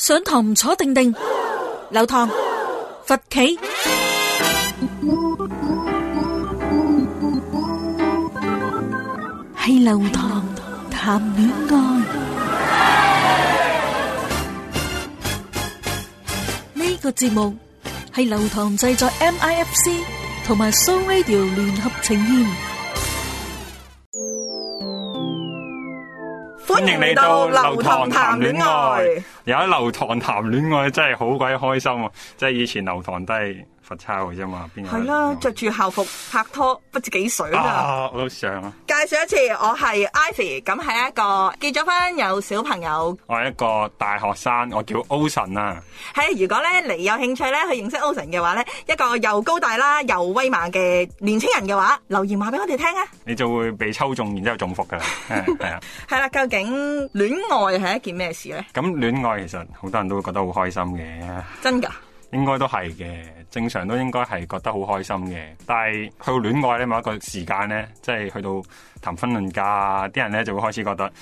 上堂唔坐定定，流堂佛企，係流堂談戀愛。呢個節目係流堂製作 MIFC 同埋 So Radio 聯合呈現。歡迎你到流堂談，談戀愛，有喺流堂談戀愛真係好鬼開心啊！即係以前流堂低。拍拖嘅啫嘛，邊有？係啦，著住校服拍拖不知幾水啦。我都想啊！介紹一次，我係 Ivy，咁係一個結咗婚有小朋友。我係一個大學生，我叫 Oson 啊。係如果咧你有興趣咧去認識 Oson 嘅話咧，一個又高大啦又威猛嘅年青人嘅話，留言話俾我哋聽啊！你就會被抽中，然之後中福噶啦，係啊。係啦，究竟戀愛係一件咩事咧？咁戀愛其實好多人都會覺得好開心嘅，真㗎。應該都係嘅，正常都應該係覺得好開心嘅。但係去到戀愛呢某一個時間咧，即係去到談婚論嫁啊，啲人咧就會開始覺得，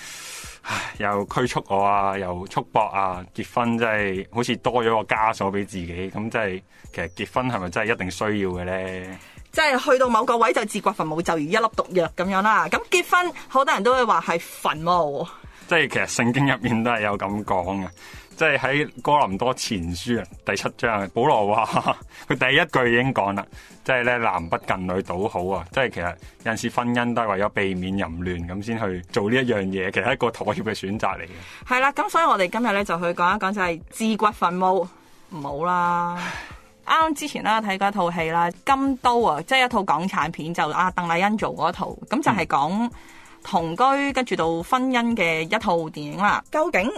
唉，又拘束我啊，又束縛啊，結婚真係好似多咗個枷鎖俾自己。咁真係其實結婚係咪真係一定需要嘅咧？即係去到某個位就自掘墳墓，就如一粒毒藥咁樣啦。咁結婚好多人都會話係墳墓。即係其實聖經入面都係有咁講嘅。即係喺哥林多前書第七章，保羅話佢第一句已經講啦，即係咧，男不近女倒好啊！即係其實有陣時婚姻都係為咗避免淫亂咁先去做呢一樣嘢，其實係一個妥協嘅選擇嚟嘅。係啦，咁所以我哋今日咧就去講一講就係自掘墳墓唔好啦。啱啱 之前啦睇過一套戲啦，《金都》啊，即係一套港產片，就阿鄧麗欣做嗰套，咁就係講同居跟住到婚姻嘅一套電影啦。究竟？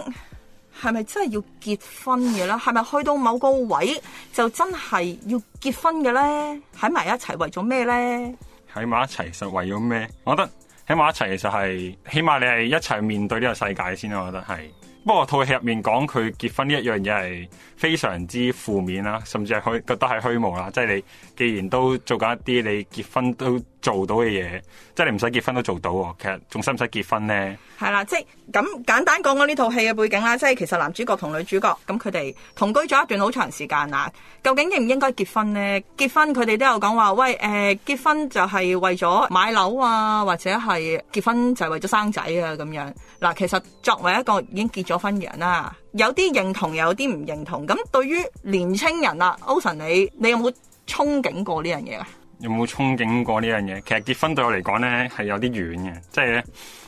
係咪真係要結婚嘅咧？係咪去到某個位就真係要結婚嘅咧？喺埋一齊為咗咩咧？喺埋一齊其實為咗咩？我覺得喺埋一齊其實係起碼你係一齊面對呢個世界先啊！我覺得係。不過套戲入面講佢結婚呢一樣嘢係非常之負面啦，甚至係可覺得係虛無啦。即係你既然都做緊一啲，你結婚都。做到嘅嘢，即係你唔使結婚都做到。其實仲使唔使結婚呢？係啦，即係咁簡單講講呢套戲嘅背景啦。即係其實男主角同女主角咁，佢哋同居咗一段好長時間啦。究竟應唔應該結婚呢？結婚佢哋都有講話，喂，誒、呃，結婚就係為咗買樓啊，或者係結婚就係為咗生仔啊，咁樣嗱。其實作為一個已經結咗婚嘅人啦，有啲認同，有啲唔認同。咁對於年青人啦，Oson，你你有冇憧憬過呢樣嘢啊？有冇憧憬過呢樣嘢？其實結婚對我嚟講呢係有啲遠嘅，即係呢，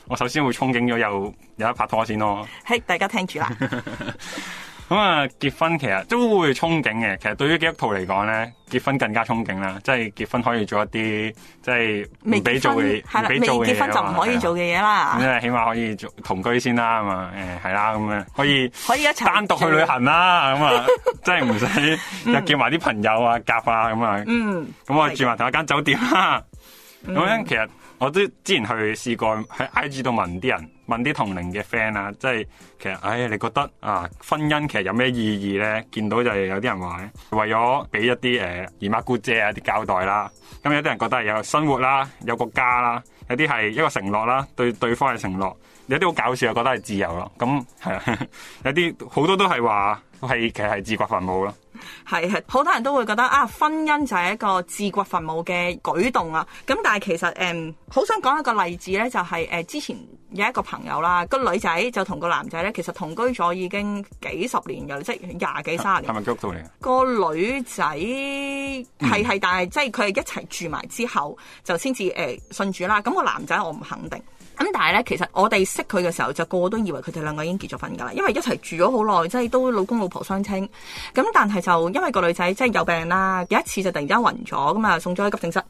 我首先會憧憬咗又有一拍拖先咯。係，大家聽住啦。咁啊、嗯，結婚其實都會憧憬嘅。其實對於基督徒嚟講咧，結婚更加憧憬啦，即係結婚可以做一啲即係唔俾做嘅嘢，唔俾做嘅嘢。的未結婚就唔可以做嘅嘢啦。咁即係起碼可以做同居先啦，咁啊，誒，係啦，咁樣可以可以一齊單獨去旅行啦，咁啊，即係唔使又叫埋啲朋友啊夾啊咁啊。 嗯，咁、嗯、我住埋同一間酒店啦。咁樣、嗯、的 其實我都之前去試過喺 IG 度問啲人。問啲同齡嘅 friend 啊，即係其實，唉、哎，你覺得啊，婚姻其實有咩意義咧？見到就係、是、有啲人話咧，為咗俾一啲誒、呃、姨媽姑姐啊啲交代啦。咁有啲人覺得係有生活啦，有個家啦，有啲係一個承諾啦，對對方嘅承諾。有啲好搞笑啊，覺得係自由咯。咁係啊， 有啲好多都係話。係，其實係自掘墳墓咯。係係，好多人都會覺得啊，婚姻就係一個自掘墳墓嘅舉動啊。咁但係其實誒，好、呃、想講一個例子咧，就係、是、誒、呃，之前有一個朋友啦，個女仔就同個男仔咧，其實同居咗已經幾十年嘅，即係廿幾三十年。係咪喐到你？個女仔係係，但係即係佢係一齊住埋之後，嗯、就先至誒信主啦。咁個男仔我唔肯定。咁但係咧，其實我哋識佢嘅時候，就個個都以為佢哋兩個已經結咗婚噶啦，因為一齊住咗好耐，即係都老公老婆相稱。咁但係就因為個女仔即係有病啦，有一次就突然之間暈咗，咁啊送咗去急症室。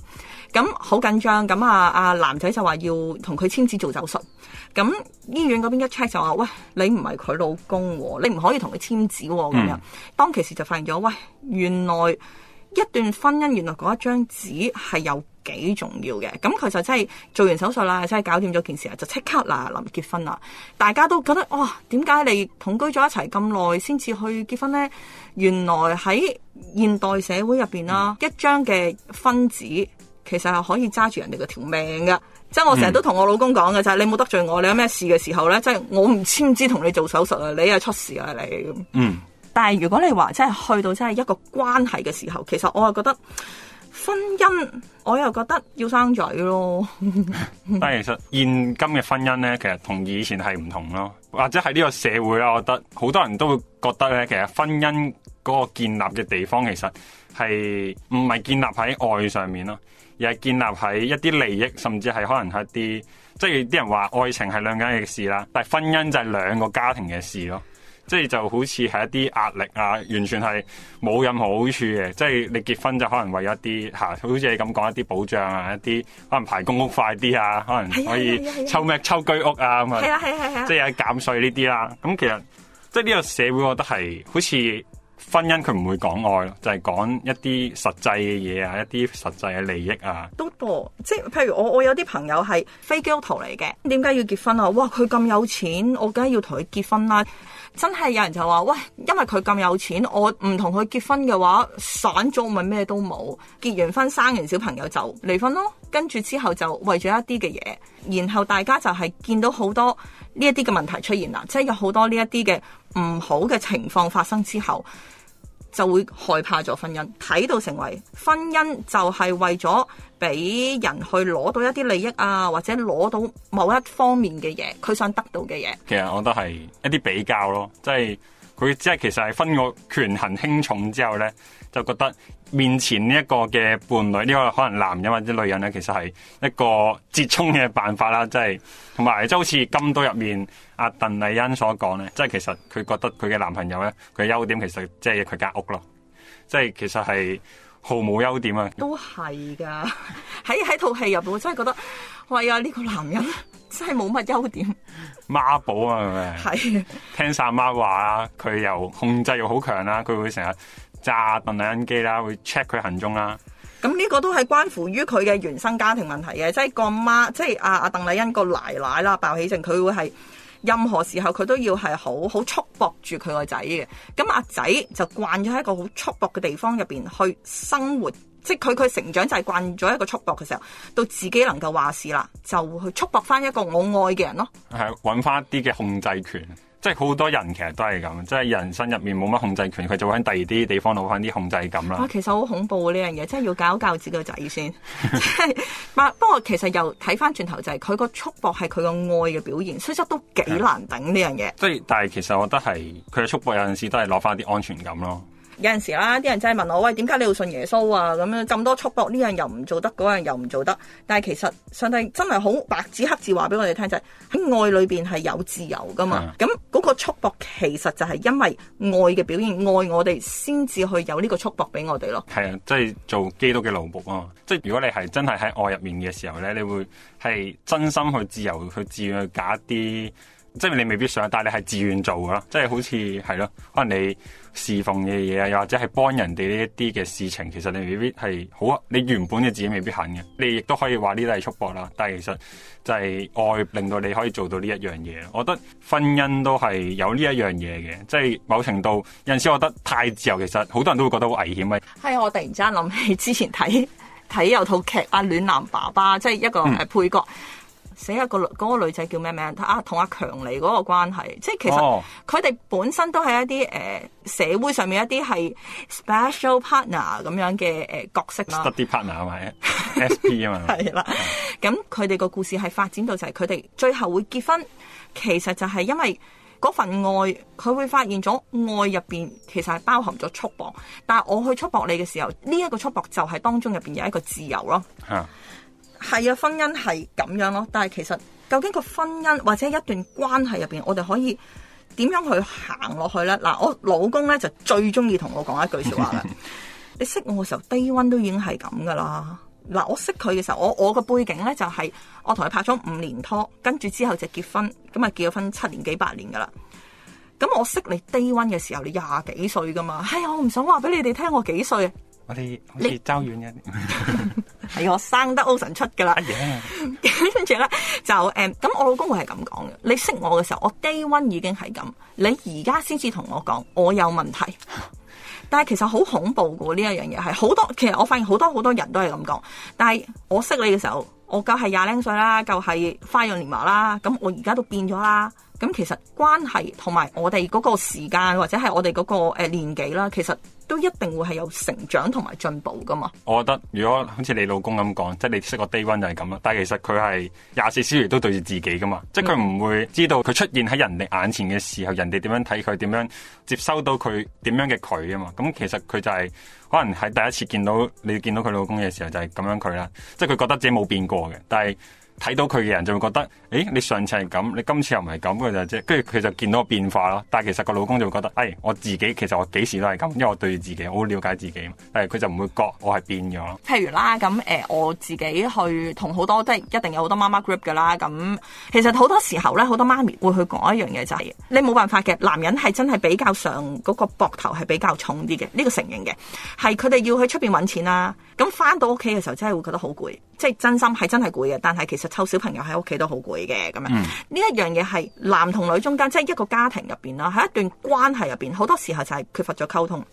咁好緊張，咁啊阿男仔就話要同佢簽紙做手術。咁醫院嗰邊一 check 就話：喂，你唔係佢老公喎，你唔可以同佢簽紙喎。咁樣、嗯、當其時就發現咗，喂，原來一段婚姻原來嗰一張紙係有。幾重要嘅，咁其實真係做完手術啦，真係搞掂咗件事啦，就即刻啦，臨結婚啦，大家都覺得哇，點、哦、解你同居咗一齊咁耐先至去結婚呢？原來喺現代社會入邊啦，嗯、一張嘅婚紙其實係可以揸住人哋嘅條命嘅。即係我成日都同我老公講嘅、嗯、就係，你冇得罪我，你有咩事嘅時候呢？即係我唔簽紙同你做手術啊，你又出事啊你咁。嗯，但係如果你話真係去到真係一個關係嘅時候，其實我係覺得。婚姻，我又覺得要生仔咯。 但係其實現今嘅婚姻咧，其實同以前係唔同咯，或者喺呢個社會啦，我覺得好多人都會覺得咧，其實婚姻嗰個建立嘅地方，其實係唔係建立喺愛上面咯，而係建立喺一啲利益，甚至係可能一啲，即係啲人話愛情係兩家人嘅事啦，但係婚姻就係兩個家庭嘅事咯。即係就好似係一啲壓力啊，完全係冇任何好處嘅。即係你結婚就可能為一啲吓、啊，好似你咁講一啲保障啊，一啲可能排公屋快啲啊，可能可以抽咩抽居屋啊咁啊。係啊係啊係啊！即係減稅呢啲啦。咁其實即係呢個社會，我覺得係好似婚姻佢唔會講愛咯，就係、是、講一啲實際嘅嘢啊，一啲實際嘅利益啊。都多，多，即係譬如我我有啲朋友係非基督徒嚟嘅，點解要結婚啊？哇，佢咁有錢，我梗係要同佢結婚啦、啊。真係有人就話喂，因為佢咁有錢，我唔同佢結婚嘅話，散咗咪咩都冇，結完婚生完小朋友就離婚咯。跟住之後就為咗一啲嘅嘢，然後大家就係見到好多呢一啲嘅問題出現啦，即係有好多呢一啲嘅唔好嘅情況發生之後。就會害怕咗婚姻，睇到成為婚姻就係為咗俾人去攞到一啲利益啊，或者攞到某一方面嘅嘢，佢想得到嘅嘢。其實我覺得係一啲比較咯，即係佢即係其實係分個權衡輕重之後咧。就覺得面前呢一個嘅伴侶，呢個可能男人或者女人咧，其實係一個折衷嘅辦法啦，即係同埋即好似金都入面阿鄧麗欣所講咧，即係其實佢覺得佢嘅男朋友咧，佢嘅優點其實即係佢間屋咯，即係其實係毫無優點啊！都係噶，喺喺套戲入邊，我真係覺得，喂啊，呢個男人真係冇乜優點，媽寶啊，係咪？係，聽晒阿媽話啊，佢又控制欲好強啊，佢會成日。揸鄧麗欣機啦，會 check 佢行蹤啦。咁呢個都係關乎於佢嘅原生家庭問題嘅，即係個媽，即係阿阿鄧麗欣個奶奶啦，爆起症，佢會係任何時候佢都要係好好束縛住佢個仔嘅。咁阿仔就慣咗喺一個好束縛嘅地方入邊去生活，即係佢佢成長就係慣咗一個束縛嘅時候，到自己能夠話事啦，就會去束縛翻一個我愛嘅人咯。係揾翻啲嘅控制權。即係好多人其實都係咁，即係人生入面冇乜控制權，佢就會喺第二啲地方攞翻啲控制感啦。哇、啊，其實好恐怖呢、啊、樣嘢，真係要教教自己仔先。但 不過其實又睇翻轉頭就係佢個束縛係佢個愛嘅表現，所以都幾難頂呢的樣嘢。即係，但係其實我覺得係佢嘅束縛有陣時都係攞翻啲安全感咯。有陣時啦，啲人真係問我，喂，點解你要信耶穌啊？咁樣咁多束縛，呢樣又唔做得，嗰樣又唔做得。但係其實上帝真係好白紙黑字話俾我哋聽，就係、是、喺愛裏邊係有自由噶嘛。咁嗰個束縛其實就係因為愛嘅表現，愛我哋先至去有呢個束縛俾我哋咯。係啊，即係做基督嘅奴僕啊。即係如果你係真係喺愛入面嘅時候咧，你會係真心去自由去自願去假啲。即係你未必想，但係你係自願做噶啦。即係好似係咯，可能你侍奉嘅嘢啊，又或者係幫人哋呢一啲嘅事情，其實你未必係好。你原本嘅自己未必肯嘅，你亦都可以話呢啲係束縛啦。但係其實就係愛令到你可以做到呢一樣嘢。我覺得婚姻都係有呢一樣嘢嘅，即係某程度有陣時我覺得太自由，其實好多人都會覺得好危險啊。係，我突然之間諗起之前睇睇有套劇《阿、啊、暖男爸爸》，即係一個誒配角。嗯寫一個女、嗰個女仔叫咩名？啊，同阿強嚟嗰個關係，即係其實佢哋、oh. 本身都係一啲誒、呃、社會上面一啲係 special partner 咁樣嘅誒、呃、角色啦。s p a partner 係咪？SP 啊嘛。係 啦，咁佢哋個故事係發展到就係佢哋最後會結婚，其實就係因為嗰份愛，佢會發現咗愛入邊其實係包含咗束縛，但係我去束縛你嘅時候，呢、這、一個束縛就係當中入邊有一個自由咯。啊。Uh. 係啊，婚姻係咁樣咯，但係其實究竟個婚姻或者一段關係入邊，我哋可以點樣去行落去呢？嗱，我老公呢就最中意同我講一句說話啦。 你識我嘅時候，低溫都已經係咁噶啦。嗱，我識佢嘅時候，我我個背景呢就係、是、我同佢拍咗五年拖，跟住之後就結婚，咁啊結咗婚七年幾八年噶啦。咁我識你低溫嘅時候，你廿幾歲噶嘛？係、哎、我唔想話俾你哋聽我幾歲。我哋好似周遠嘅，係我生得 Oson 出噶啦 Yeah. 跟住咧就誒咁。嗯、我老公會係咁講嘅。你識我嘅時候，我 day one 已經係咁。你而家先至同我講我有問題， 但係其實好恐怖噶呢一樣嘢係好多。其實我發現好多好多人都係咁講，但係我識你嘅時候，我夠係廿零歲啦，夠係花樣年華啦。咁我而家都變咗啦。咁其實關係同埋我哋嗰個時間或者係我哋嗰個年紀啦，其實都一定會係有成長同埋進步㗎嘛。我覺得如果好似你老公咁講，嗯、即係你識個 day one 就係咁啦。但係其實佢係廿四小時都對住自己㗎嘛，嗯、即係佢唔會知道佢出現喺人哋眼前嘅時候，人哋點樣睇佢，點樣接收到佢點樣嘅佢吖嘛。咁其實佢就係、是、可能係第一次見到你見到佢老公嘅時候就係咁樣佢啦，即係佢覺得自己冇變過嘅，但係。睇到佢嘅人就會覺得，誒，你上次係咁，你今次又唔係咁，嘅就即跟住佢就見到個變化咯。但係其實個老公就會覺得，誒、哎，我自己其實我幾時都係咁，因為我對住自己，好了解自己，但係佢就唔會覺我係變咗。譬如啦，咁誒、呃，我自己去同好多即係一定有好多媽媽 group 噶啦，咁其實好多時候咧，好多媽咪會去講一樣嘢就係、是，你冇辦法嘅，男人係真係比較上嗰、那個膊頭係比較重啲嘅，呢、這個承認嘅，係佢哋要去出邊揾錢啦，咁翻到屋企嘅時候真係會覺得好攰。即係真心係真係攰嘅，但係其實湊小朋友喺屋企都好攰嘅咁樣。呢一、嗯、樣嘢係男同女中間，即、就、係、是、一個家庭入邊啦，喺一段關係入邊，好多時候就係缺乏咗溝通。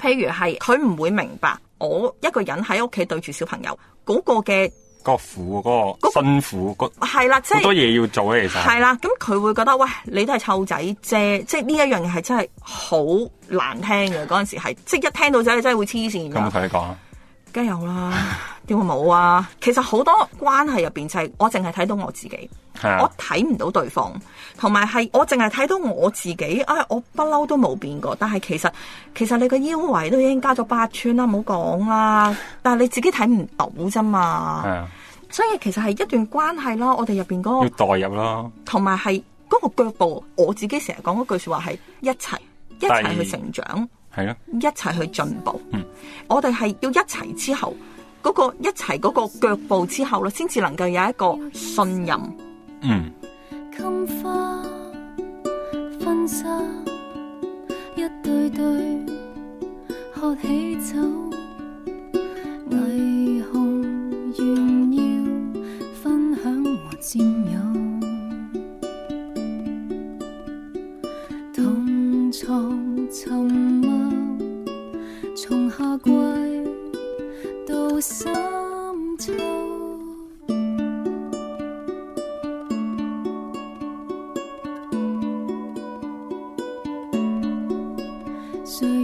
譬如係佢唔會明白我一個人喺屋企對住小朋友嗰、那個嘅個苦、那個辛苦、那個係、那個、啦，即係好多嘢要做啊。其實係啦，咁、嗯、佢會覺得喂，你都係湊仔啫。即係呢一樣嘢係真係好難聽嘅嗰陣時係，即係一聽到咗你真係會黐線。咁同你講梗有啦，點會冇啊？其實好多關係入邊就係我淨係睇到我自己，啊、我睇唔到對方，同埋係我淨係睇到我自己。哎，我不嬲都冇變過，但係其實其實你個腰圍都已經加咗八寸啦，唔好講啦。但係你自己睇唔到啫嘛，啊、所以其實係一段關係啦。我哋入邊嗰個代入咯，同埋係嗰個腳步。我自己成日講句說話係一齊一齊二去成長，係咯了，一齊去進步。嗯我哋係要一齊之後，嗰個一齊嗰個腳步之後咯，先至能夠有一個信任。嗯、mm。Hmm. 誰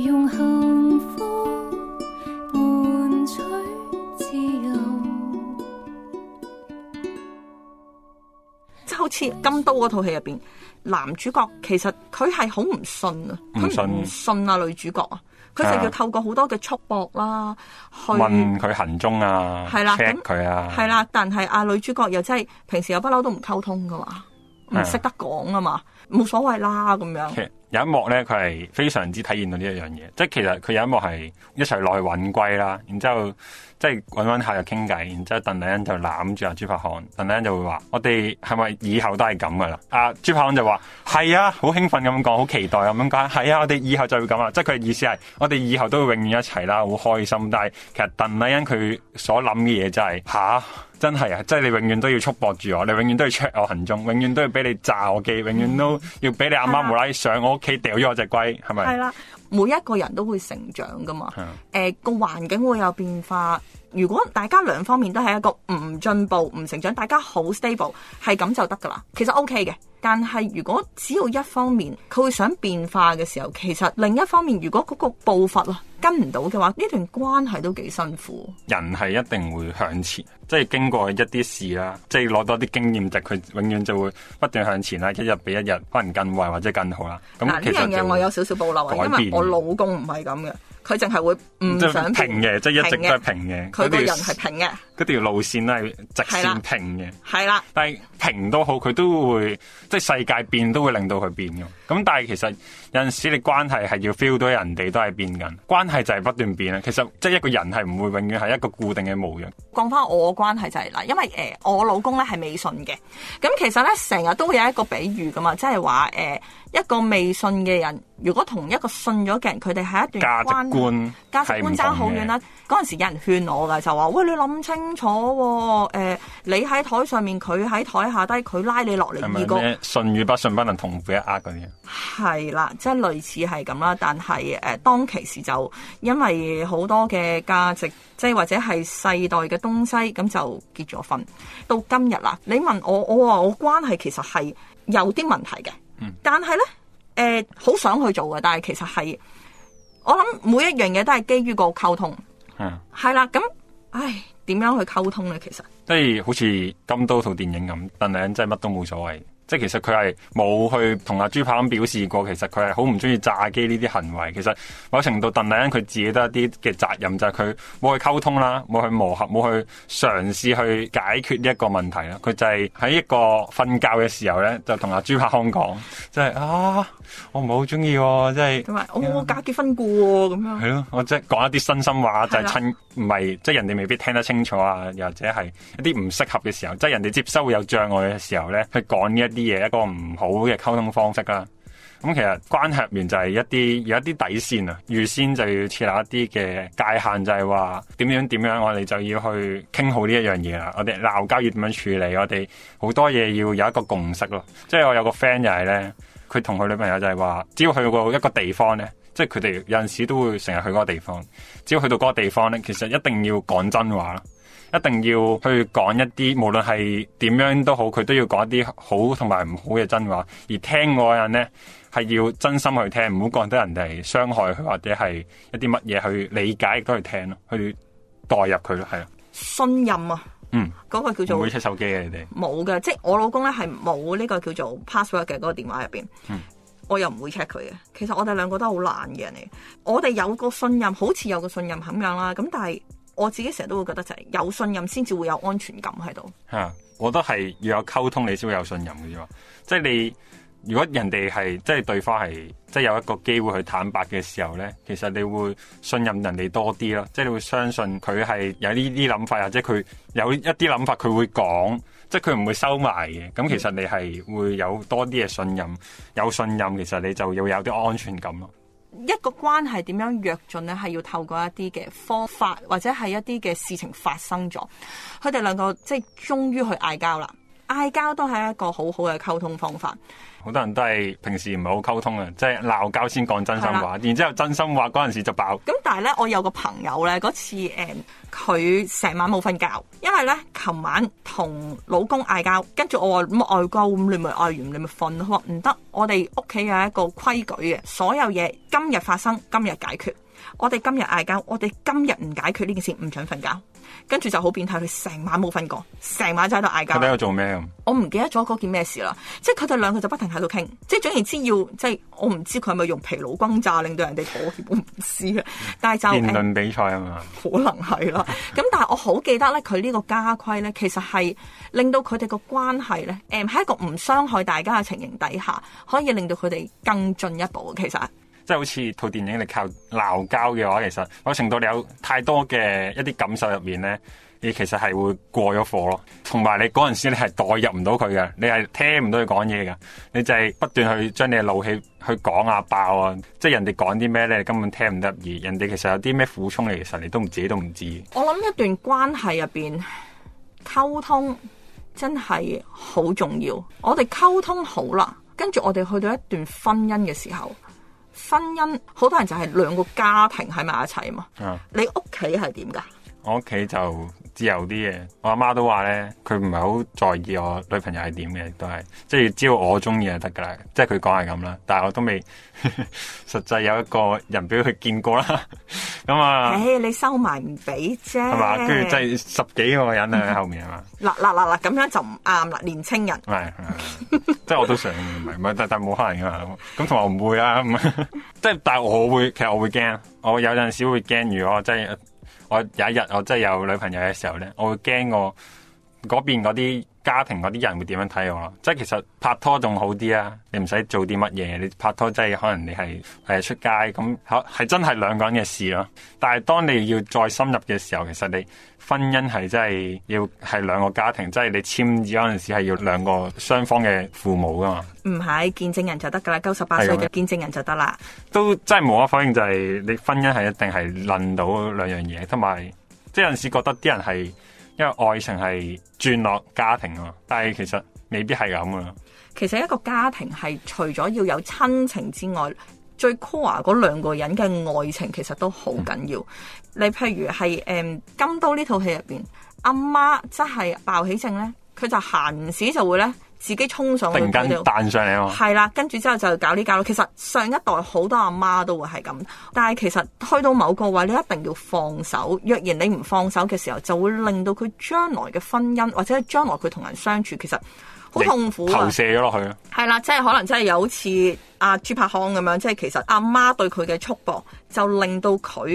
用幸福伴取自由？即係好似《金刀》嗰套戲入邊，男主角其實佢係好唔信啊，佢唔信信啊，女主角啊。佢就要透過好多嘅束縛啦，去問佢行蹤啊，check 佢啊，係啦。但係啊，女主角又真係平時又不嬲都唔溝通嘅嘛，唔識的得講啊嘛。冇所謂啦咁樣，其實有一幕咧，佢係非常之體驗到呢一樣嘢，即係其實佢有一幕係一齊落去揾龜啦，然之後即係揾揾下又傾偈，然之後鄧麗欣就攬住阿朱柏翰，鄧麗欣就會話：我哋係咪以後都係咁噶啦？阿、啊、朱柏翰就話：係啊，好興奮咁講，好期待咁樣講，係啊，我哋以後就會咁啦！即係佢意思係，我哋以後都會永遠一齊啦，好開心。但係其實鄧麗欣佢所諗嘅嘢就係、是、吓、啊，真係啊！即係你永遠都要束縛住我，你永遠都要 check 我行蹤，永遠都要俾你炸我機，永遠都。 要俾你阿媽無拉上我屋企掉咗我隻龜，係咪？係啦，每一個人都會成長噶嘛。欸，個環境會有變化。如果大家兩方面都係一個唔進步唔成長，大家好 stable 係咁就得噶啦。其實 OK 嘅，但係如果只要一方面佢會想變化嘅時候，其實另一方面如果嗰個步伐咯跟唔到嘅話，呢段關係都幾辛苦。人係一定會向前，即係經過一啲事啦，即係攞多啲經驗值，佢永遠就會不斷向前啦，一日比一日可能更壞或者更好啦。咁呢樣嘢我有少少保留，因為我老公唔係咁嘅。佢淨係會唔想平嘅，即係一直都係平嘅。佢的條個人係平嘅，嗰條路線係直線平嘅，係啦。但係平都好，佢都會即係世界變，都會令到佢變嘅。咁但係其實。有陣時你關係係要 feel 到人哋都係變緊，關係就係不斷變啦。其實即係一個人係唔會永遠係一個固定嘅模樣。講返我關係就係、是、啦，因為誒、呃、我老公咧係未信嘅，咁其實咧成日都會有一個比喻噶嘛，即係話誒一個未信嘅人，如果同一個信咗嘅人，佢哋係一段關係，價值觀價值觀差好遠啦。嗰陣時有人勸我噶，就話喂，你諗清楚，誒、呃、你喺台上面，佢喺台下低，佢拉你落嚟，係咪咩信與不信不能同負一軛啲係啦。即係類似係咁啦，但係誒、呃，當其時就因為好多嘅價值，即係或者係世代嘅東西，咁就結咗婚到今日啦。你問我，我話我關係其實係有啲問題嘅，嗯、但係咧，誒、呃，好想去做嘅，但係其實係我諗每一樣嘢都係基於個溝通，係、嗯、啦，咁，唉，點樣去溝通咧？其實即係、欸、好似咁多套電影咁，但係真係乜都冇所謂。即係其實佢係冇去同阿朱柏康咁表示過，其實佢係好唔中意炸機呢啲行為。其實某程度鄧麗欣佢自己都一啲嘅責任就係佢冇去溝通啦，冇去磨合，冇去嘗試去解決呢一個問題啦。佢就係喺一個瞓覺嘅時候咧，就同阿朱柏康咁講，即係啊，我唔係好中意，即係我冇假結婚過咁樣。係咯，我即係講一啲真心話，就係親唔係即係人哋未必聽得清楚啊，又或者係一啲唔適合嘅時候，即係人哋接收會有障礙嘅時候咧，去講呢一。啲嘢一個唔好嘅溝通方式啦。咁其實關係入面就係一啲有一啲底線啊，預先就要設立一啲嘅界限，就係話點樣點樣，我哋就要去傾好呢一樣嘢啦。我哋鬧交要點樣處理？我哋好多嘢要有一個共識咯。即係我有個 friend 就係呢，佢同佢女朋友就係話，只要去過一個地方呢，即係佢哋有陣時都會成日去嗰個地方。只要去到嗰個地方呢，其實一定要講真話。一定要去講一啲，無論係點樣都好，佢都要講一啲好同埋唔好嘅真話。而聽嗰個人咧，係要真心去聽，唔好講得人哋傷害佢，或者係一啲乜嘢去理解，亦都去聽咯，去代入佢咯，係啊。信任啊，嗯，嗰個叫做唔會 check 手機嘅你哋，冇嘅，即係我老公咧係冇呢個叫做 password 嘅嗰、嗰個電話入邊，嗯、我又唔會 check 佢嘅。其實我哋兩個都好懶嘅人嚟，我哋有個信任，好似有個信任咁樣啦。咁但係。我自己成日都會覺得就係有信任先至會有安全感喺度。嚇、啊，我覺得係要有溝通你先會有信任嘅啫嘛。即係你如果人哋係即係對方係即係有一個機會去坦白嘅時候咧，其實你會信任人哋多啲咯。即係你會相信佢係有呢啲諗法，或者佢有一啲諗法佢會講，即係佢唔會收埋嘅。咁其實你係會有多啲嘅信任，有信任其實你就要有啲安全感咯。一個關係點樣躍進咧，係要透過一啲嘅方法，或者係一啲嘅事情發生咗，佢哋兩個即係終於去嗌交啦。嗌交都係一個好好嘅溝通方法，好多人都係平時唔係好溝通嘅，即係鬧交先講真心話，的然之後真心話嗰陣時就爆。咁但係咧，我有個朋友咧，嗰次誒，佢、嗯、成晚冇瞓覺，因為咧，琴晚同老公嗌、嗯、交，跟住我話咁嗌交，你咪嗌完你咪瞓咯，佢話唔得，我哋屋企有一個規矩嘅，所有嘢今日發生今日解決。我哋今日嗌交，我哋今日唔解決呢件事唔准瞓覺，跟住就好變態，佢成晚冇瞓過，成晚就喺度嗌交。佢喺度做咩？我唔記得咗嗰件咩事啦，即係佢哋兩個就不停喺度傾，即係總言之要，即係我唔知佢係咪用疲勞轟炸令到人哋妥協，我唔知啊。 但係就辯論比賽啊嘛，可能係啦。咁但係我好記得咧，佢呢個家規咧，其實係令到佢哋個關係咧，誒喺一個唔傷害大家嘅情形底下，可以令到佢哋更進一步啊，其實。即係好似套電影，你靠鬧交嘅話，其實某程度你有太多嘅一啲感受入面呢，你其實係會過咗火咯。同埋你嗰陣時，你係代入唔到佢嘅，你係聽唔到佢講嘢嘅，你就係不斷去將你嘅怒氣去講啊爆啊。即係人哋講啲咩呢，你根本聽唔得意。人哋其實有啲咩苦衷，你其實你都唔自己都唔知。我諗一段關係入面，溝通真係好重要。我哋溝通好啦，跟住我哋去到一段婚姻嘅時候。婚姻，好多人就係兩個家庭喺埋一齊嘛，啊、你屋企係點噶？我屋企就。自由啲嘅，我阿媽都話咧，佢唔係好在意我女朋友係點嘅，都係，即係只要我中意就得噶啦，即係佢講係咁啦，但係我都未 實際有一個人俾佢見過啦，咁 啊，嘿嘿你收埋唔俾啫，係嘛，跟住即係十幾個人喺後面啊嘛，嗱嗱嗱嗱，咁樣就唔啱啦，年青人，係是， 即係我都想，唔係，唔係，但但冇可能噶嘛，咁同埋我唔會啊，咁，即係但係我會，其實我會驚，我有陣時會驚，如果我真係。我有一日我真係有女朋友嘅時候咧，我會驚我嗰邊嗰啲，那家庭嗰啲人會點樣睇我？即係其實拍拖仲好啲啊，你唔使做啲乜嘢，你拍拖即係可能你係誒出街咁，係真係兩個人嘅事咯、啊。但係當你要再深入嘅時候，其實你婚姻係真係要係兩個家庭，即係你簽字嗰陣時係要兩個雙方嘅父母噶嘛？唔係見證人就得噶啦，九十八歲嘅見證人就得啦。都真係無可否認，就係你婚姻係一定係論到兩樣嘢，同埋即係有陣時覺得啲人係。因為愛情係轉落家庭啊，嘛，但係其實未必係咁噶。其實一個家庭係除咗要有親情之外，最 core 嗰兩個人嘅愛情其實都好緊要。嗯、你譬如係誒、嗯《金刀》呢套戲入邊，阿媽即係爆起性咧，佢就閒時就會咧。自己衝上去，彈上嚟咯，係啦。跟住之後就搞呢家咯。其實上一代好多阿媽，媽都會係咁，但係其實去到某個位，你一定要放手。若然你唔放手嘅時候，就會令到佢將來嘅婚姻或者係將來佢同人相處，其實好痛苦。投射咗落去啊，係啦，即係可能即係有好似阿朱柏康咁樣，即係其實阿媽，媽對佢嘅束縛就令到佢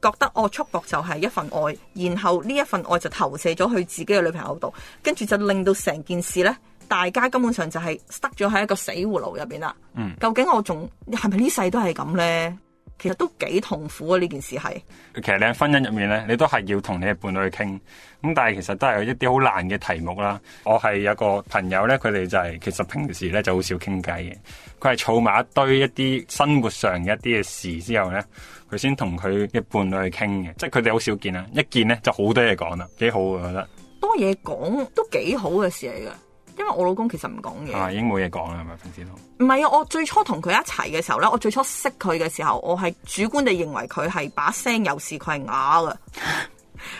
覺得我、哦、束縛就係一份愛，然後呢一份愛就投射咗去自己嘅女朋友度，跟住就令到成件事咧。大家根本上就係塞咗喺一個死葫蘆入邊啦。嗯、究竟我仲係咪呢世都係咁咧？其實都幾痛苦啊！呢件事係其實你喺婚姻入面咧，你都係要同你嘅伴侶去傾。咁但係其實都係有一啲好難嘅題目啦。我係有個朋友咧，佢哋就係、係、其實平時咧就好少傾偈嘅。佢係儲埋一堆一啲生活上嘅一啲嘅事之後咧，佢先同佢嘅伴侶去傾嘅。即係佢哋好少見啦，一見咧就好多嘢講啦，幾好啊！我覺得多嘢講都幾好嘅事嚟嘅。因為我老公其實唔講嘢，已經冇嘢講啦，係咪平時都？唔係啊！我最初同佢一齊嘅時候咧，我最初識佢嘅時候，我係主觀地認為佢係把聲有事，佢係啞嘅，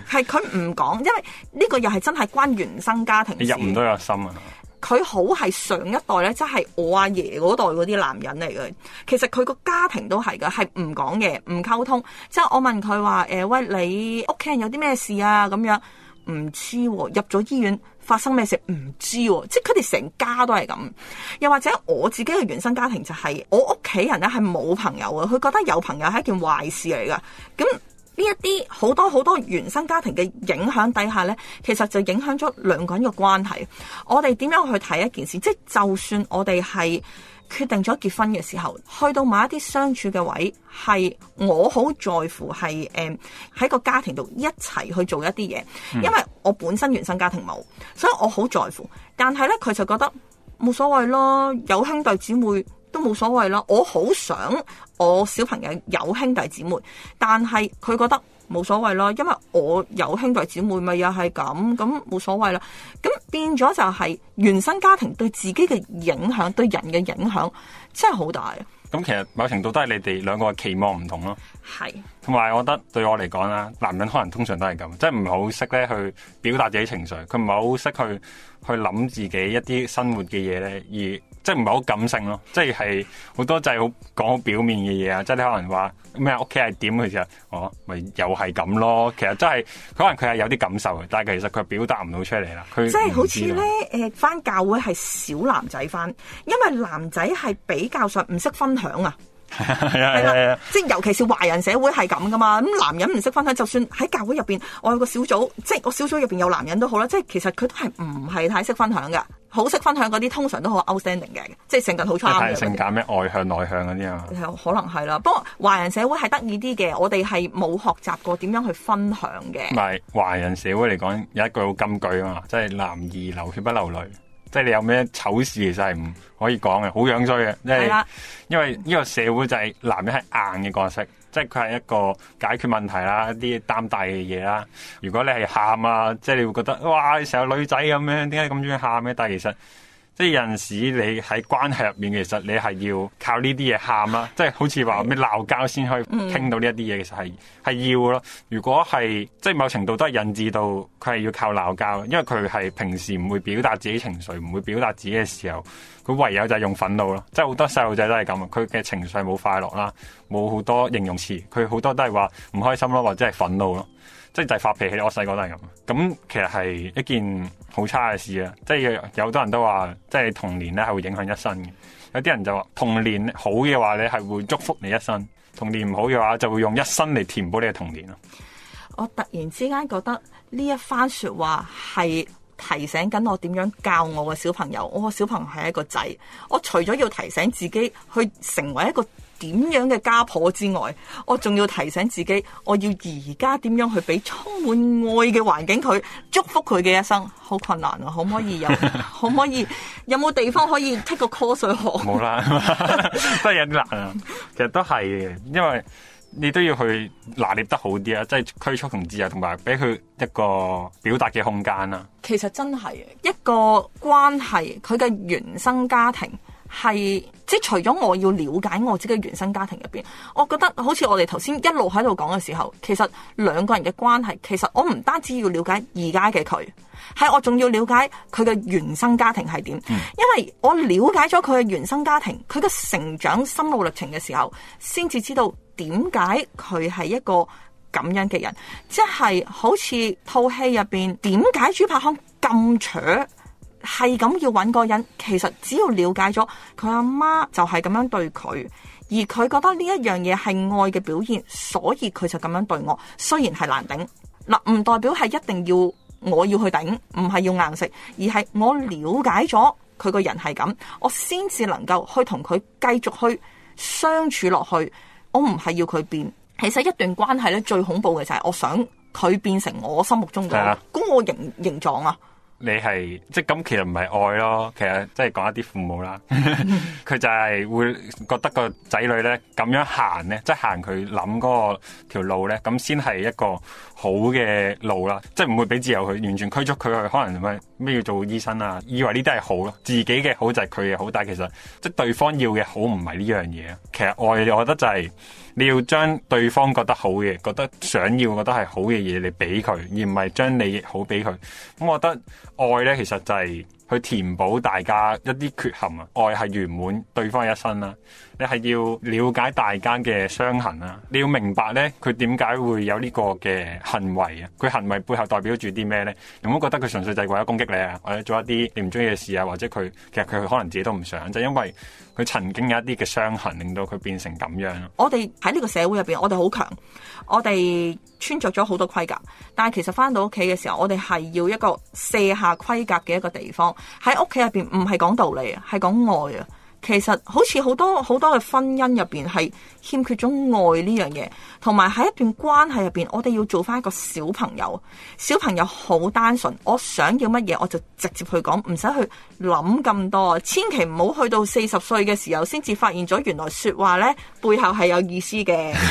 係佢唔講，因為呢個又係真係關原生家庭事。入唔到入心啊！佢好係上一代咧，即係我阿爺嗰代嗰啲男人嚟嘅，其實佢個家庭都係嘅，係唔講嘅，唔溝通。即係我問佢話誒，喂，你屋企人有啲咩事啊？咁樣唔知喎，入咗醫院。發生咩事唔知喎、啊，即係佢哋成家都係咁，又或者我自己嘅原生家庭就係、是、我屋企人咧係冇朋友嘅，佢覺得有朋友係一件壞事嚟噶。咁呢一啲好多好多原生家庭嘅影響底下呢，其實就影響咗兩個人嘅關係。我哋點樣去睇一件事？即係就算我哋係。決定咗結婚嘅時候，去到某一啲相處嘅位，係我好在乎係誒喺個家庭度一齊去做一啲嘢，嗯、因為我本身原生家庭冇，所以我好在乎。但係呢，佢就覺得冇所謂咯，有兄弟姊妹。都冇所謂啦，我好想我小朋友有兄弟姊妹，但係佢覺得冇所謂啦，因為我有兄弟姊妹咪又係咁，咁冇所謂啦，咁變咗就係原生家庭對自己嘅影響，對人嘅影響真係好大啊！咁其實某程度都係你哋兩個嘅期望唔同咯，係。同埋，我覺得對我嚟講啦，男人可能通常都係咁，即係唔係好識咧去表達自己情緒，佢唔係好識去去諗自己一啲生活嘅嘢咧，而即係唔係好感性咯，即係係好多就係好講好表面嘅嘢啊！即係你可能話咩屋企係點？佢實我咪又係咁咯。其實真係可能佢係有啲感受嘅，但係其實佢表達唔到出嚟啦。佢即係好似咧誒，返教會係小男仔返，因為男仔係比較上唔識分享啊。係啦，即係尤其是華人社會係咁噶嘛。咁男人唔識分享，就算喺教會入邊，我有個小組，即係我小組入邊有男人都好啦。即係其實佢都係唔係太識分享嘅，好識分享嗰啲通常都好 outstanding 嘅，即係性格好 charm 嘅。性格咩？外向內向嗰啲啊？可能係啦、啊，不過華人社會係得意啲嘅，我哋係冇學習過點樣去分享嘅。唔係華人社會嚟講有一句好金句啊嘛，即係男兒流血不流淚。即係你有咩醜事，其實係唔可以講嘅，好樣衰嘅。即係因為因為呢個社會就係男人係硬嘅角色，即係佢係一個解決問題啦，一啲擔大嘅嘢啦。如果你係喊啊，即係你會覺得哇，成個女仔咁樣，點解你咁中意喊呢？但係其實。即係有陣時，你喺關係入面其，其實你係要靠呢啲嘢喊啦，即係好似話咩鬧交先可以傾到呢一啲嘢，其實係係要咯。如果係即係某程度都係引致到佢係要靠鬧交，因為佢係平時唔會表達自己情緒，唔會表達自己嘅時候，佢唯有就係用憤怒咯。即係好多細路仔都係咁啊，佢嘅情緒冇快樂啦，冇好多形容詞，佢好多都係話唔開心咯，或者係憤怒咯。即係就發脾氣，我細個都係咁。咁其實係一件好差嘅事啊！即係有好多人都話，即係童年咧係會影響一生嘅。有啲人就話童年好嘅話咧係會祝福你一生，童年唔好嘅話就會用一生嚟填補你嘅童年啊。我突然之間覺得呢一番說話係提醒緊我點樣教我嘅小朋友。我個小朋友係一個仔，我除咗要提醒自己去成為一個。點樣嘅家婆之外，我仲要提醒自己，我要而家點樣去俾充滿愛嘅環境佢，祝福佢嘅一生，好困難啊！可唔可以有？可唔 可以有冇地方可以 take 個 course 上我？冇啦，真係有啲難啊！其實都係嘅，因為你都要去拿捏得好啲啊，即係拘束同自由，同埋俾佢一個表達嘅空間啊。其實真係一個關係，佢嘅原生家庭。係即係除咗我要了解我自己嘅原生家庭入邊，我覺得好似我哋頭先一路喺度講嘅時候，其實兩個人嘅關係，其實我唔單止要了解而家嘅佢，係我仲要了解佢嘅原生家庭係點。嗯、因為我了解咗佢嘅原生家庭，佢嘅成長心路歷程嘅時候，先至知道點解佢係一個咁樣嘅人，即係好似套戲入邊，點解朱柏康咁蠢。係咁要揾個人，其實只要了解咗佢阿媽就係咁樣對佢，而佢覺得呢一樣嘢係愛嘅表現，所以佢就咁樣對我。雖然係難頂，嗱，唔代表係一定要我要去頂，唔係要硬食，而係我了解咗佢個人係咁，我先至能夠去同佢繼續去相處落去。我唔係要佢變，其實一段關係呢，最恐怖嘅就係我想佢變成我心目中嘅嗰個形形狀啊。你係即咁，其實唔係愛咯。其實即係講一啲父母啦，佢 就係會覺得個仔女咧咁樣行咧，即係行佢諗嗰條路咧，咁先係一個好嘅路啦。即係唔會俾自由佢，完全驅逐佢去，可能咩咩要做醫生啊，以為呢啲係好咯。自己嘅好就係佢嘅好，但係其實即係對方要嘅好唔係呢樣嘢。其實愛，我覺得就係、是。你要將對方覺得好嘅、覺得想要、覺得係好嘅嘢，你俾佢，而唔係將你好俾佢。咁我覺得愛咧，其實就係、是。去填補大家一啲缺陷啊！愛係圓滿對方一生啦。你係要了解大家嘅傷痕啊。你要明白咧，佢點解會有呢個嘅行為啊？佢行為背後代表住啲咩咧？你有冇覺得佢純粹就係為咗攻擊你啊，或者做一啲你唔中意嘅事啊？或者佢其實佢可能自己都唔想，就是、因為佢曾經有一啲嘅傷痕，令到佢變成咁樣。我哋喺呢個社會入邊，我哋好強，我哋穿着咗好多盔甲。但係其實返到屋企嘅時候，我哋係要一個卸下盔甲嘅一個地方。喺屋企入邊唔係講道理啊，係講愛啊。其實好似好多好多嘅婚姻入邊，係欠缺咗愛呢樣嘢，同埋喺一段關係入邊，我哋要做翻一個小朋友。小朋友好單純，我想要乜嘢我就直接去講，唔使去諗咁多。千祈唔好去到四十歲嘅時候，先至發現咗原來說話呢，背後係有意思嘅。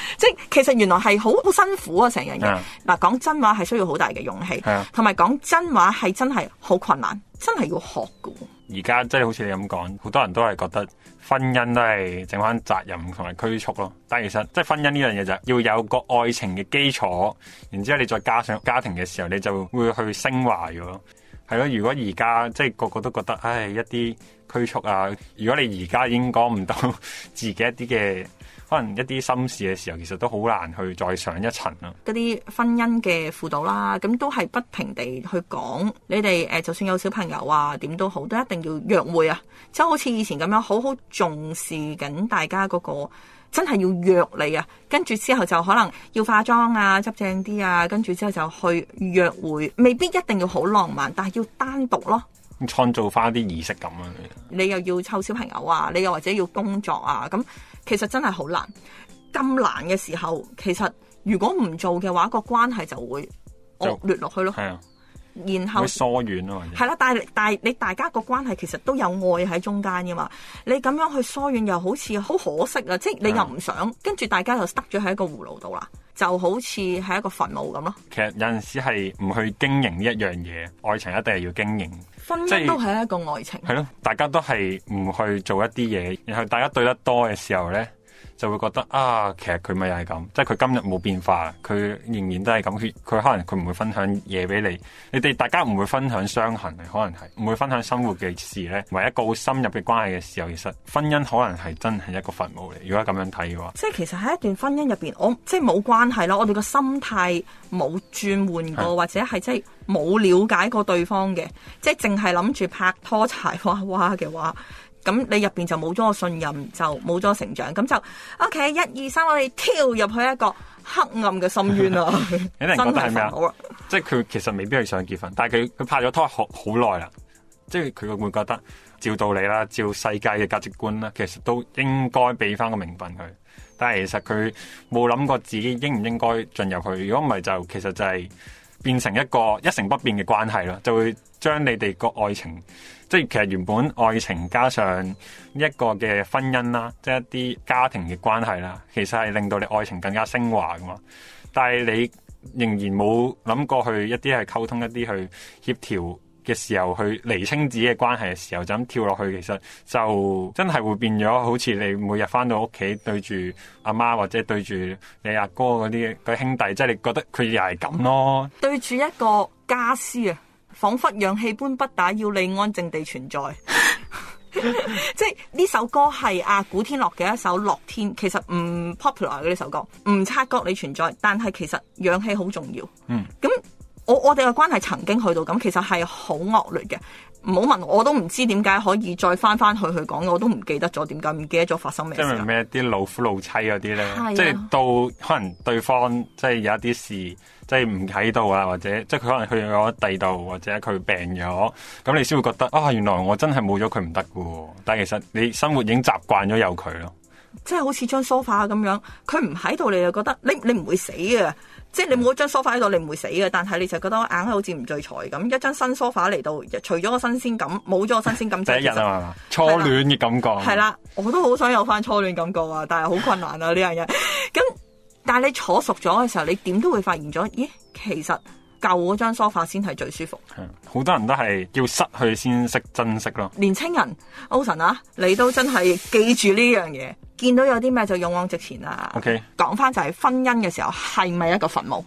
即其實原來係好好辛苦啊，成日嘅嗱，講 Yeah. 真話係需要好大嘅勇氣，同埋講真話係真係好困難，真係要學噶。而家即係好似你咁講，好多人都係覺得婚姻都係整翻責任同埋拘束咯。但係其實即係婚姻呢樣嘢就要有個愛情嘅基礎，然之後你再加上家庭嘅時候，你就會去升華咗。係咯，如果而家即係個個都覺得唉一啲拘束啊，如果你而家已經講唔到自己一啲嘅。可能一啲心事嘅時候，其實都好難去再上一層啦。嗰啲婚姻嘅輔導啦，咁都係不停地去講你哋誒、呃，就算有小朋友啊，點都好，都一定要約會啊，就好似以前咁樣，好好重視緊大家嗰、嗰個真係要約你啊。跟住之後就可能要化妝啊，執正啲啊，跟住之後就去約會，未必一定要好浪漫，但係要單獨咯，創造翻啲儀式感啊！你又要湊小朋友啊，你又或者要工作啊，咁。其實真係好難，咁難嘅時候，其實如果唔做嘅話，個關係就會惡劣落去咯。的然後疏遠咯，啊，係啦，但係但係你大家個關係其實都有愛喺中間噶嘛，你咁樣去疏遠又好似好可惜啊，即係你又唔想，跟住的大家就塞咗喺一個葫蘆度啦。就好似係一個墳墓咁咯。其實有陣時係唔去經營呢一樣嘢，愛情一定係要經營。婚姻都係一個愛情。係咯、就係， 大家都係唔去做一啲嘢，然後大家對得多嘅時候咧。就會覺得啊，其實佢咪又係咁，即係佢今日冇變化，佢仍然都係咁。佢佢可能佢唔會分享嘢俾你，你哋大家唔會分享傷痕，可能係唔會分享生活嘅事咧。唯一個好深入嘅關係嘅時候，尤其係婚姻可能係真係一個墳墓嚟。如果咁樣睇嘅話，即係其實喺一段婚姻入邊，我即係冇關係咯。我哋個心態冇轉換過，或者係即係冇了解過對方嘅，即係淨係諗住拍拖柴娃娃嘅話。咁你入邊就冇咗個信任，就冇咗成長，咁就 O K，一二三，okay, 1, 2, 3, 我哋跳入去一個黑暗嘅深淵。 你明係咩啊？ 好啊，即係佢其實未必係想結婚，但係佢佢拍咗拖好好耐啦。即係佢會覺得照道理啦，照世界嘅價值觀啦，其實都應該俾翻個名分佢。但係其實佢冇諗過自己應唔應該進入去。如果唔係，就其實就係變成一個一成不變嘅關係咯，就會將你哋個愛情。即係其實原本愛情加上一個嘅婚姻啦，即係一啲家庭嘅關係啦，其實係令到你愛情更加升華噶嘛。但係你仍然冇諗過去一啲係溝通一啲去協調嘅時候，去厘清自己嘅關係嘅時候，就咁跳落去，其實就真係會變咗好似你每日翻到屋企對住阿媽或者對住你阿哥嗰啲佢兄弟，即係你覺得佢又係咁咯。對住一個家私啊！彷彿氧氣般不打，要你安靜地存在。 即係呢首歌係阿、啊、古天樂嘅一首《樂天》，其實唔 popular 嘅呢首歌，唔察覺你存在，但係其實氧氣好重要。嗯，咁。我我哋嘅關係曾經去到咁，其實係好惡劣嘅。唔好問我，我都唔知點解可以再翻翻去去講，我都唔記得咗點解，唔記得咗發生咩事。即係咩啲老夫老妻嗰啲咧？啊、即係到可能對方即係有一啲事，即係唔喺度啊，或者即係佢可能去咗第度，或者佢病咗，咁你先會覺得啊、哦，原來我真係冇咗佢唔得噶。但係其實你生活已經習慣咗有佢咯。即係好似張梳化咁樣，佢唔喺度，你又覺得你你唔會死嘅。即係你冇張梳化喺度，你唔會死嘅。但係你就覺得硬係好似唔聚財咁，一張新梳化嚟到，除咗個新鮮感，冇咗個新鮮感，就是， 第一日啊嘛，就是，初戀嘅感覺係啦，啊啊，我都好想有翻初戀感覺啊，但係好困難啊呢 樣嘢。咁但係你坐熟咗嘅時候，你點都會發現咗，咦，其實。舊嗰張梳化先係最舒服。係好多人都係要失去先識珍惜咯。年青人，o s 歐 n 啊，你都真係記住呢樣嘢，見到有啲咩就勇往直前啦。OK，講翻就係、是、婚姻嘅時候係咪一個墳墓？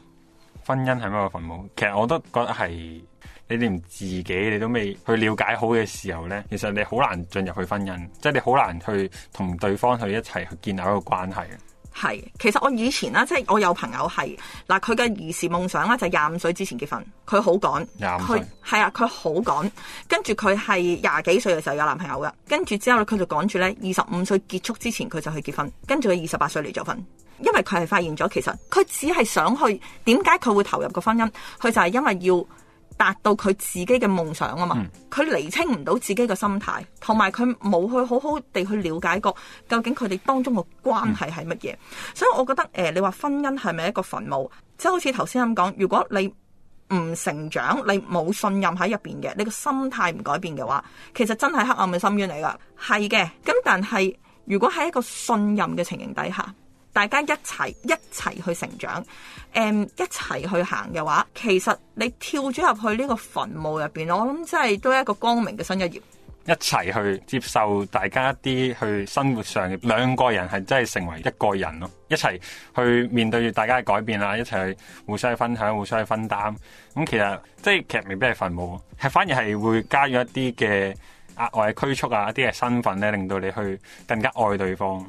婚姻係咪個墳墓？其實我都覺得係你連自己你都未去了解好嘅時候咧，其實你好難進入去婚姻，即、就、係、是、你好難去同對方去一齊去建立一個關係。係，其實我以前啦，即係我有朋友係，嗱佢嘅兒時夢想啦就係廿五歲之前結婚，佢好趕，佢係歲啊佢好趕，跟住佢係廿幾歲嘅時候有男朋友噶，跟住之後咧佢就趕住咧二十五歲結束之前佢就去結婚，跟住佢二十八歲離咗婚，因為佢係發現咗其實佢只係想去，點解佢會投入個婚姻？佢就係因為要。達到佢自己嘅夢想啊嘛，佢、嗯、釐清唔到自己嘅心態，同埋佢冇去好好地去了解過究竟佢哋當中嘅關係係乜嘢，嗯、所以我覺得誒、呃，你話婚姻係咪一個墳墓，即、就、係、是、好似頭先咁講，如果你唔成長，你冇信任喺入邊嘅，你個心態唔改變嘅話，其實真係黑暗嘅深淵嚟噶。係嘅，咁但係如果喺一個信任嘅情形底下。大家一齊一齊去成長，誒、嗯、一齊去行嘅話，其實你跳咗入去呢個墳墓入邊，我諗真係都係一個光明嘅新一頁。一齊去接受大家一啲去生活上，兩個人係真係成為一個人咯。一齊去面對住大家嘅改變啦，一齊去互相去分享，互相去分擔。咁、嗯、其實即係其實未必係墳墓，反而係會加咗一啲嘅額外嘅拘束啊，一啲嘅身份咧，令到你去更加愛對方。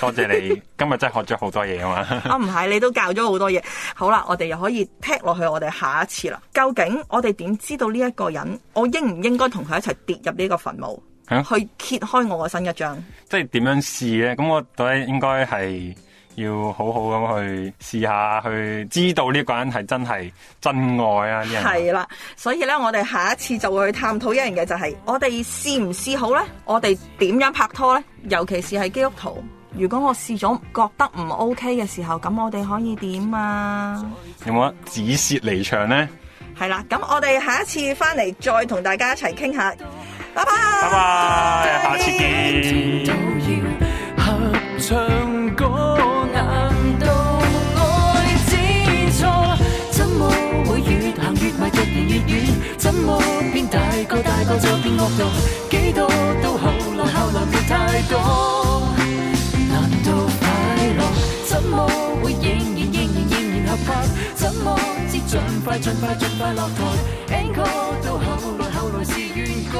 多謝你 今日真係學咗好多嘢 啊！嘛，我唔係你都教咗好多嘢。好啦，我哋又可以踢落去，我哋下一次啦。究竟我哋點知道呢一個人？我應唔應該同佢一齊跌入呢個墳墓，啊、去揭開我嘅新一章？即係點樣試呢？咁我到底應該係要好好咁去試下去，知道呢個人係真係真愛啊！係啦，所以呢，我哋下一次就會去探討一樣嘢，就係、是、我哋試唔試好呢？我哋點樣拍拖呢？尤其是係基督徒。如果我試咗覺得唔 OK 嘅時候，咁我哋可以點啊？有冇話止蝕離場呢？係啦，咁 我哋下一次翻嚟再同大家一齊傾下，拜拜。拜拜 Bye bye, 見，下次見。快，盡快，盡快落台 encore 到後來，後來是怨歌。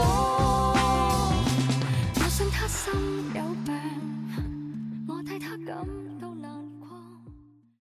我信他心有病，我替他感。